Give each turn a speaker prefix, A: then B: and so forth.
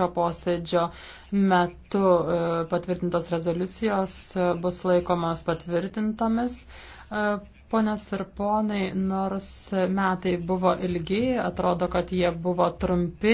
A: Šio posėdžio metu e, patvirtintos rezoliucijos e, bus laikomas patvirtintomis. E, ponios ir ponai, nors metai buvo ilgi, atrodo, kad jie buvo trumpi.